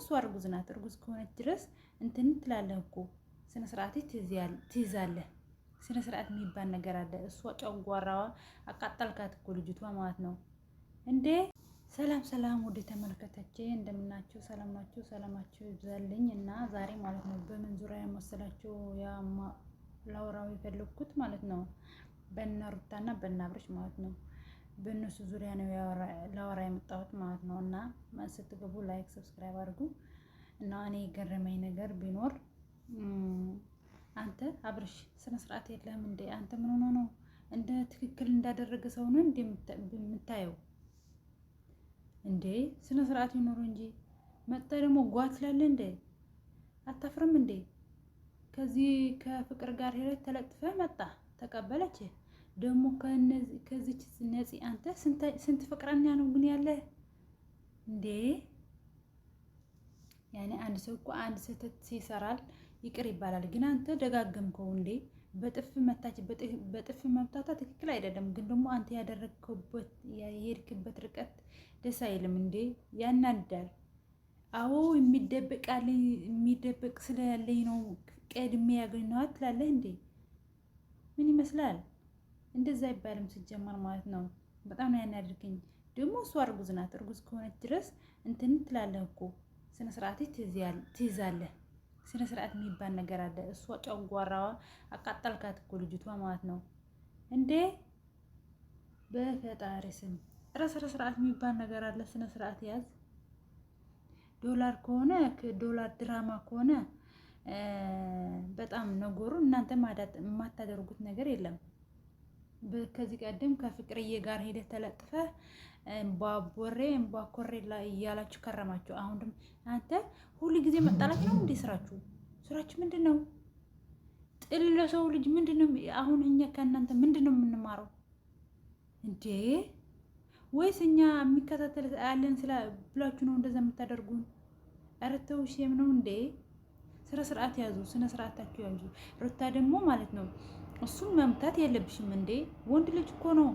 እሷ እርጉዝ ናት። እርጉዝ ከሆነች ድረስ እንትን ትላለህ እኮ ስነ ስርዓት ትይዛለህ። ስነ ስርዓት የሚባል ነገር አለ። እሷ ጨጓራዋ አቃጠልካት እኮ ልጅቷ ማለት ነው እንዴ። ሰላም ሰላም፣ ወደ ተመልከታች እንደምናቸው ሰላም ሰላማቸው ሰላማችሁ ይብዛልኝ። እና ዛሬ ማለት ነው በምን ዙሪያ ያማ ላውራው የፈለግኩት ማለት ነው በእነ ሩታና በእነ አብርሽ ማለት ነው በእነሱ ዙሪያ ነው ላወራ የመጣሁት ማለት ነው። እና ስትገቡ ላይክ፣ ሰብስክራይብ አድርጉ። እና እኔ የገረመኝ ነገር ቢኖር አንተ አብርሽ ስነ ስርዓት የለህም እንዴ? አንተ ምን ሆኖ ነው እንደ ትክክል እንዳደረገ ሰው ነው እንዴ የምታየው? እንዴ ስነ ስርዓት ይኖሩ እንጂ መጣ ደግሞ ጓት ላለ እንዴ አታፍርም እንዴ? ከዚህ ከፍቅር ጋር ሄደ ተለጥፈ መጣ ተቀበለች ደግሞ ከዚች ነፂ አንተ ስንት ፍቅረኛ ነው ግን ያለ እንዴ? ያኔ አንድ ሰው እኮ አንድ ስህተት ሲሰራል ይቅር ይባላል። ግን አንተ ደጋገምከው እንዴ? በጥፍ መታች። በጥፍ መምታቷ ትክክል አይደለም። ግን ደግሞ አንተ ያደረግከበት የሄድክበት ርቀት ደስ አይልም እንዴ? ያናዳል። አዎ የሚደበቅ የሚደበቅ ስለያለኝ ነው ቀድሜ ያገኘኋት ትላለህ እንዴ? ምን ይመስላል? እንደዛ አይባልም ሲጀመር ማለት ነው። በጣም ነው ያናድርገኝ። ደግሞ እሷ እርጉዝ ናት። እርጉዝ ከሆነች ድረስ እንትን ትላለህ እኮ ስነ ስርዓት ትይዛለህ። ስነ ስርዓት የሚባል ነገር አለ። እሷ ጨጓራዋ አቃጠልካት እኮ ልጅቷ ማለት ነው እንዴ! በፈጣሪ ስም ኧረ ስነ ስርዓት የሚባል ነገር አለ። ስነ ስርዓት ያዝ። ዶላር ከሆነ ዶላር ድራማ ከሆነ በጣም ነገሩ እናንተ የማታደርጉት ነገር የለም። ከዚህ ቀደም ከፍቅርዬ ጋር ተለጥፈ ተለጥፈህ እምቧቦሬ ላይ እያላችሁ ከረማችሁ። አሁን ደም አንተ ሁሉ ጊዜ መጣላት ነው እንዴ ስራችሁ? ስራችሁ ምንድን ነው? ጥል ለሰው ልጅ ምንድን ነው? አሁን እኛ ከእናንተ ምንድን ነው የምንማረው እንዴ? ወይስ እኛ የሚከታተል ያለን ስለ ብላችሁ ነው እንደዛ የምታደርጉን? ኧረ ተው ሼም ነው እንዴ? ስነ ስርዓት ያዙ፣ ስነ ስርዓታችሁ ያዙ። ሩታ ደግሞ ማለት ነው እሱም መምታት የለብሽም እንዴ ወንድ ልጅ እኮ ነው።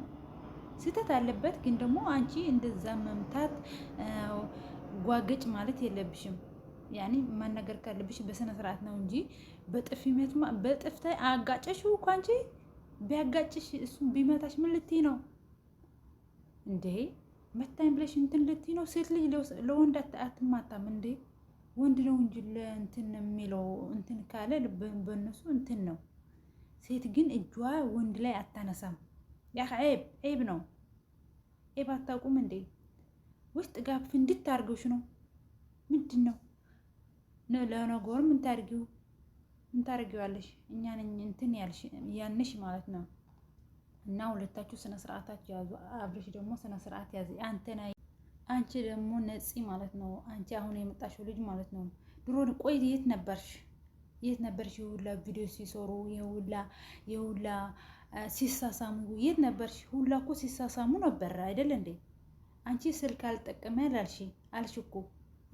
ስህተት አለበት፣ ግን ደግሞ አንቺ እንደዛ መምታት ጓገጭ ማለት የለብሽም። ያኒ ማናገር ካለብሽ በስነ ስርዓት ነው እንጂ በጥፊ አጋጨሽው እኮ አንቺ። ቢያጋጭሽ እሱ ቢመታሽ ምን ልትይ ነው እንዴ? መታኝ ብለሽ እንትን ልትይ ነው? ሴት ልጅ ለወንድ አትማታም እንዴ? ወንድ ነው እንጂ ለእንትን የሚለው እንትን ካለ በእነሱ እንትን ነው ሴት ግን እጇ ወንድ ላይ አታነሳም። ያ ብ ብ ነው ኤብ አታውቁም እንዴ? ውስጥ ጋፍ እንድታርገሽ ነው። ምንድን ነው ለነገሩ ምን ታርጊው ምን ታርጊዋለሽ? እኛን እንትን ያንሽ ማለት ነው። እና ሁለታችሁ ስነ ስርዓታችሁ ያዙ። አብረሽ ደግሞ ስነ ስርዓት ያዘ። አንተና አንቺ ደግሞ ነፂ ማለት ነው። አንቺ አሁን የመጣሽው ልጅ ማለት ነው። ድሮ ቆይ የት ነበርሽ? የት ነበርሽ? የሁላ ቪዲዮ ሲሰሩ የሁላ የሁላ ሲሳሳሙ የት ነበርሽ? ሁላ እኮ ሲሳሳሙ ነበር አይደል እንዴ? አንቺ ስልክ አልጠቀመ ያላልሽ አልሽ እኮ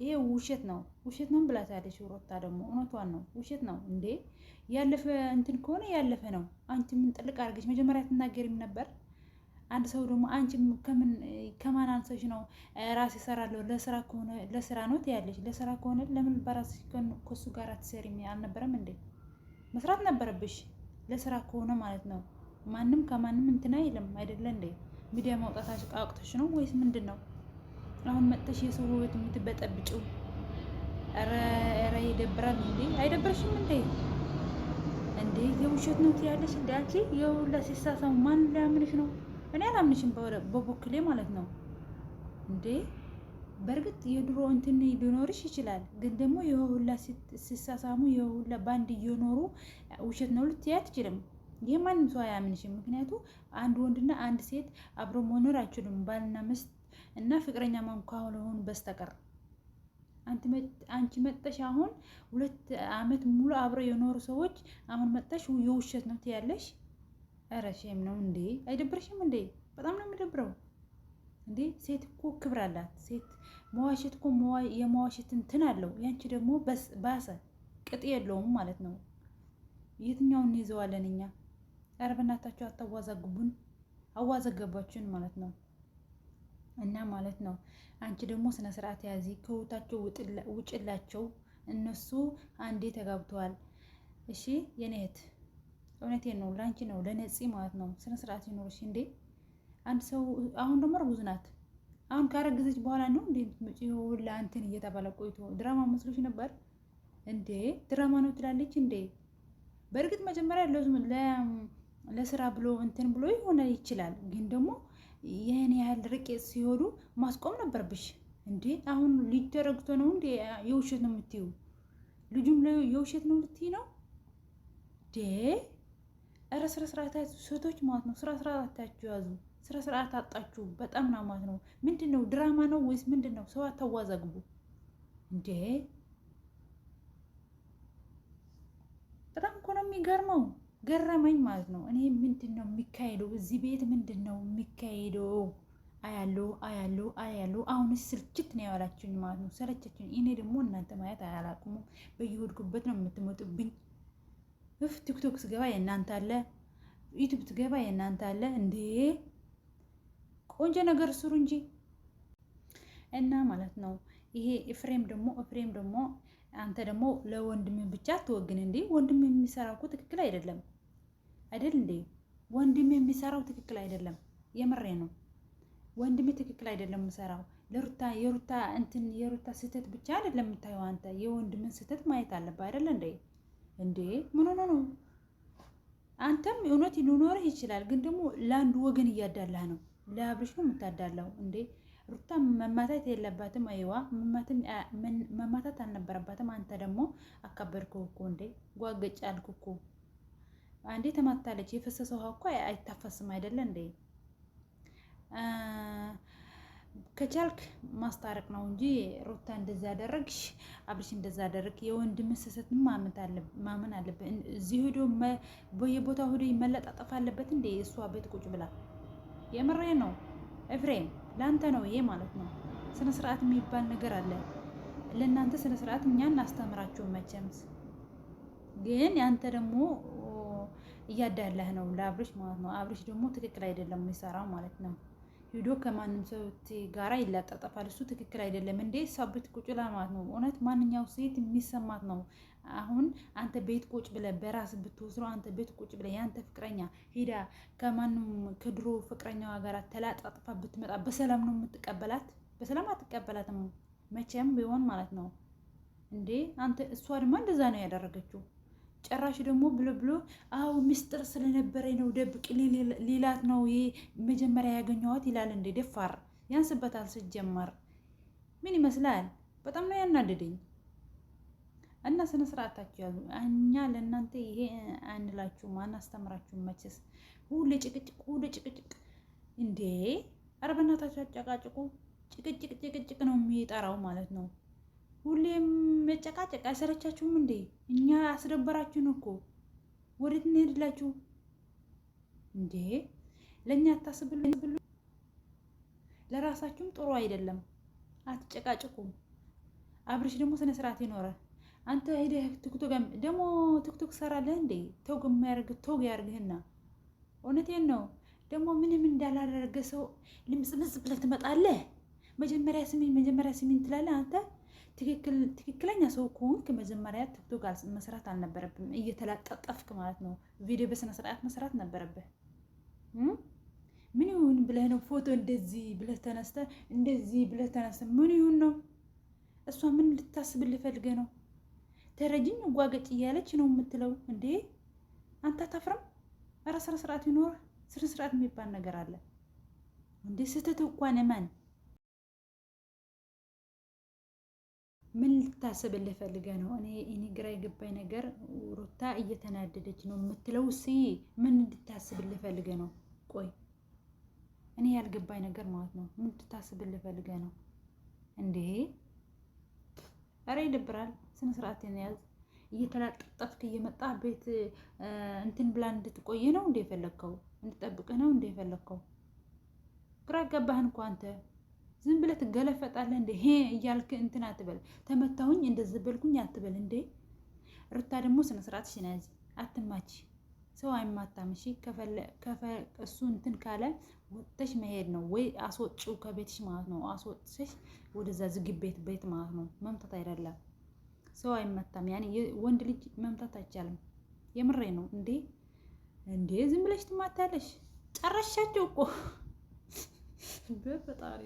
ይሄ ውሸት ነው ውሸት ነው ብላታለች። ሮታ ደግሞ እውነቷን ነው ውሸት ነው እንዴ? ያለፈ እንትን ከሆነ ያለፈ ነው። አንቺ ምን ጥልቅ አድርገሽ መጀመሪያ ትናገሪም ነበር አንድ ሰው ደግሞ አንቺ ከምን ከማን አንሰሽ ነው ራስ ይሰራለሁ ለስራ ከሆነ ለስራ ነው ትያለሽ። ለስራ ከሆነ ለምን በራስሽ ከሱ ጋር አትሰሪም? አልነበረም እንዴ? መስራት ነበረብሽ። ለስራ ከሆነ ማለት ነው። ማንም ከማንም እንትን አይልም አይደለ እንዴ? ሚዲያ ማውጣታሽ ቃቅቶሽ ነው ወይስ ምንድን ነው? አሁን መጥተሽ የሰው ውበት የምትበጠብጭው ረ ይደብራል እንዴ? አይደብረሽም እንዴ? እንዴ የውሸት ነው ትያለሽ። እንዲ አንቺ የሁላ ሲሳሳው ማን ሊያምንሽ ነው? አላምንሽም በበኩሌ ማለት ነው እንዴ። በእርግጥ የድሮ እንትን ሊኖርሽ ይችላል፣ ግን ደግሞ የሁላ ሲሳሳሙ የሁላ ባንድ እየኖሩ ውሸት ነው ልትይ አትችልም። ይህ ማንም ሰው አያምንሽም። ምክንያቱ አንድ ወንድና አንድ ሴት አብሮ መኖር አይችሉም፣ ባልና ሚስት እና ፍቅረኛ ማንኳ ካልሆኑ በስተቀር አንቺ መጠሽ አሁን ሁለት አመት ሙሉ አብረው የኖሩ ሰዎች አሁን መጠሽ የውሸት ነው ትያለሽ? ኧረ ሼም ነው እንዴ! አይደብርሽም እንዴ? በጣም ነው የሚደብረው። እንዴ ሴት እኮ ክብር አላት። ሴት መዋሸት እኮ የመዋሸት እንትን አለው። ያንቺ ደግሞ ባሰ፣ ቅጥ የለውም ማለት ነው። የትኛውን እንይዘዋለን እኛ? ኧረ በእናታችሁ አታዋዛግቡን፣ አዋዘገባችሁን ማለት ነው። እና ማለት ነው አንቺ ደግሞ ስነ ስርዓት ያዚ፣ ከውታቸው ውጭላቸው። እነሱ አንዴ ተጋብተዋል። እሺ የኔ እህት፣ እውነቴን ነው፣ ለአንቺ ነው፣ ለነፂ ማለት ነው። ስነ ስርዓት ይኖርሽ እንዴ አንድ ሰው አሁን ደግሞ እርጉዝ ናት። አሁን ካረግዘች በኋላ ነው እንዴ የምትመጪው? ሁላ እንትን እየተባለ ቆይቶ ድራማ መስሎች ነበር እንዴ? ድራማ ነው ትላለች እንዴ? በእርግጥ መጀመሪያ ለስራ ብሎ እንትን ብሎ ይሆነ ይችላል። ግን ደግሞ ይህን ያህል ርቄት ሲሆዱ ማስቆም ነበርብሽ እንዴ? አሁን ልጅ ተረግቶ ነው እንዴ? የውሸት ነው የምትዩ? ልጁም የውሸት ነው የምትይ ነው ዴ? ኧረ ስራ ሴቶች ማለት ነው። ስራ ስርዓታችሁ ያዙ። ስነ ስርዓት አጣችሁ። በጣም ነው ነው። ምንድን ነው ድራማ ነው ወይስ ምንድን ነው? ሰው አታዋዛግቡ እንዴ! በጣም እኮ ነው የሚገርመው። ገረመኝ ማለት ነው። እኔ ምንድን ነው የሚካሄደው እዚህ ቤት? ምንድን ነው የሚካሄደው? አያለው አያለው አያለው። አሁንስ ስልችት ነው ያላችሁኝ ማለት ነው። ሰለቸችኝ። እኔ ደግሞ እናንተ ማየት አያላቅሙ። በየወድኩበት ነው የምትመጡብኝ። እፍ ቲክቶክ ስገባ የእናንተ አለ፣ ዩቱብ ስገባ የእናንተ አለ እንዴ ቆንጆ ነገር ስሩ እንጂ እና ማለት ነው። ይሄ ኤፍሬም ደግሞ ኤፍሬም ደግሞ አንተ ደግሞ ለወንድም ብቻ ትወግን እንዴ! ወንድም የሚሰራው እኮ ትክክል አይደለም አይደል እንዴ? ወንድም የሚሰራው ትክክል አይደለም። የምሬ ነው። ወንድሜ ትክክል አይደለም የምሰራው ለሩታ የሩታ እንትን የሩታ ስህተት ብቻ አይደለም የምታየው አንተ የወንድምን ስህተት ማየት አለብህ አይደለ እንዴ? እንዴ ምን ሆነ ነው? አንተም እውነት ሊኖርህ ይችላል፣ ግን ደግሞ ለአንድ ወገን እያዳላህ ነው። ለአብርሽ ነው የምታዳለው እንዴ? ሩታ መማታት የለባትም። አይዋ መማታት አልነበረባትም። አንተ ደግሞ አካበድኩ እኮ እንዴ፣ ጓገጭ አልኩ እኮ አንዴ ተማታለች። የፈሰሰ ውሃ እኮ አይታፈስም አይደለ እንዴ? ከቻልክ ማስታረቅ ነው እንጂ ሩታ እንደዛ አደረግሽ፣ አብርሽ እንደዛ አደረግ። የወንድም ስህተት ማመን አለብህ። እዚህ ሄዶ በየቦታው ሄዶ መለጣጠፍ አለበት እንዴ? እሷ ቤት ቁጭ ብላ የምሬ ነው ኤፍሬም፣ ለአንተ ነው ይሄ ማለት ነው። ስነ ስርዓት የሚባል ነገር አለ። ለእናንተ ስነ ስርዓት እኛ እናስተምራችሁ መቼምስ፣ ግን ያንተ ደግሞ እያዳለህ ነው ለአብሪሽ ማለት ነው። አብሪሽ ደግሞ ትክክል አይደለም የሚሰራው ማለት ነው። ሂዶ ከማንም ሰው ጋራ ይላጣጠፋል። እሱ ትክክል አይደለም እንዴ ሳብት ቁጭላ ማለት ነው። እውነት ማንኛው ሴት የሚሰማት ነው አሁን አንተ ቤት ቁጭ ብለህ በራስ ብትወስነው አንተ ቤት ቁጭ ብለህ የአንተ ፍቅረኛ ሄዳ ከማንም ከድሮ ፍቅረኛዋ ጋር ተላጣጥፋ ብትመጣ በሰላም ነው የምትቀበላት? በሰላም አትቀበላትም መቼም ቢሆን ማለት ነው እንዴ አንተ። እሷ ድማ እንደዛ ነው ያደረገችው። ጭራሽ ደግሞ ብሎ ብሎ አዎ ምስጢር ስለነበረኝ ነው ደብቅ ሌላት ነው ይሄ መጀመሪያ ያገኘዋት ይላል። እንዴ ደፋር ያንስበታል። ስጀመር ምን ይመስላል? በጣም ነው ያናደደኝ። እና ስነ ስርዓታችሁ ያዙ። እኛ ለእናንተ ይሄ አንላችሁ አናስተምራችሁም። መችስ ሁሌ ጭቅጭቅ፣ ሁሌ ጭቅጭቅ እንዴ! ኧረ በእናታችሁ አጨቃጭቁ። ጭቅጭቅ ጭቅጭቅ ነው የሚጠራው ማለት ነው። ሁሌም መጨቃጨቅ አይሰለቻችሁም እንዴ? እኛ አስደበራችሁን እኮ። ወዴት እንሄድላችሁ እንዴ? ለእኛ አታስብልን። ለራሳችሁም ጥሩ አይደለም። አትጨቃጭቁም። አብርሽ ደግሞ ስነ ስርዓት ይኖራል። አንተ ሄደህ ቲክቶክ ደግሞ ቲክቶክ ሰራለህ እንዴ? ቶግ የማያደርግ ቶግ ያርግህና፣ እውነቴን ነው። ደግሞ ምንም እንዳላደረገ ሰው ልምጽምጽ ብለህ ትመጣለህ። መጀመሪያ ስሚኝ፣ መጀመሪያ ስሚኝ ትላለህ። አንተ ትክክለኛ ሰው ከሆንክ መጀመሪያ ቲክቶክ መስራት አልነበረብም። እየተላጠጠፍክ ማለት ነው። ቪዲዮ በስነ ስርዓት መስራት ነበረብህ። ምን ይሁን ብለህ ነው ፎቶ እንደዚህ ብለህ ተነስተ እንደዚህ ብለህ ተነስተ ምን ይሁን ነው? እሷ ምን ልታስብ ልፈልገህ ነው? ተረጅኝ እንጓገጭ እያለች ነው የምትለው። እንዴ አንተ አታፍርም? ኧረ ስነ ስርዓት ይኖር። ስነ ስርዓት የሚባል ነገር አለ እንዴ? ስህተት እንኳን ማን ምን ልታስብልህ ፈልገህ ነው? እኔ እኔ ግራ የገባኝ ነገር ሩታ እየተናደደች ነው የምትለው። እስ ምን እንድታስብልህ ፈልገህ ነው? ቆይ እኔ ያልገባኝ ነገር ማለት ነው ምን እንድታስብልህ ፈልገህ ነው እንዴ? ኧረ ይደብራል። ስነ ስርዓትን ያዝ። እየተላጠጠፍክ እየመጣ ቤት እንትን ብላ እንድትቆይ ነው እንደ የፈለግከው እንድጠብቅ ነው እንደ የፈለግከው። ግራ ገባህን እኮ አንተ። ዝም ብለህ ትገለፈጣለህ እንደ ሄ እያልክ እንትን አትበል። ተመታሁኝ እንደዚህ በልኩኝ አትበል እንዴ። ርታ ደግሞ ስነ ስርዓትሽን ያዝ። አትማች፣ ሰው አይማታም። እሺ እሱ እንትን ካለ ወጥተሽ መሄድ ነው ወይ አስወጭው ከቤትሽ ማለት ነው። አስወጥተሽ ወደዛ ዝግ ቤት ቤት ማለት ነው መምታት አይደለም። ሰው አይመታም። ያኔ ወንድ ልጅ መምታት አይቻልም። የምሬ ነው። እንዴ እንዴ! ዝም ብለሽ ትማታለሽ? ጨረሻቸው እኮ በፈጣሪ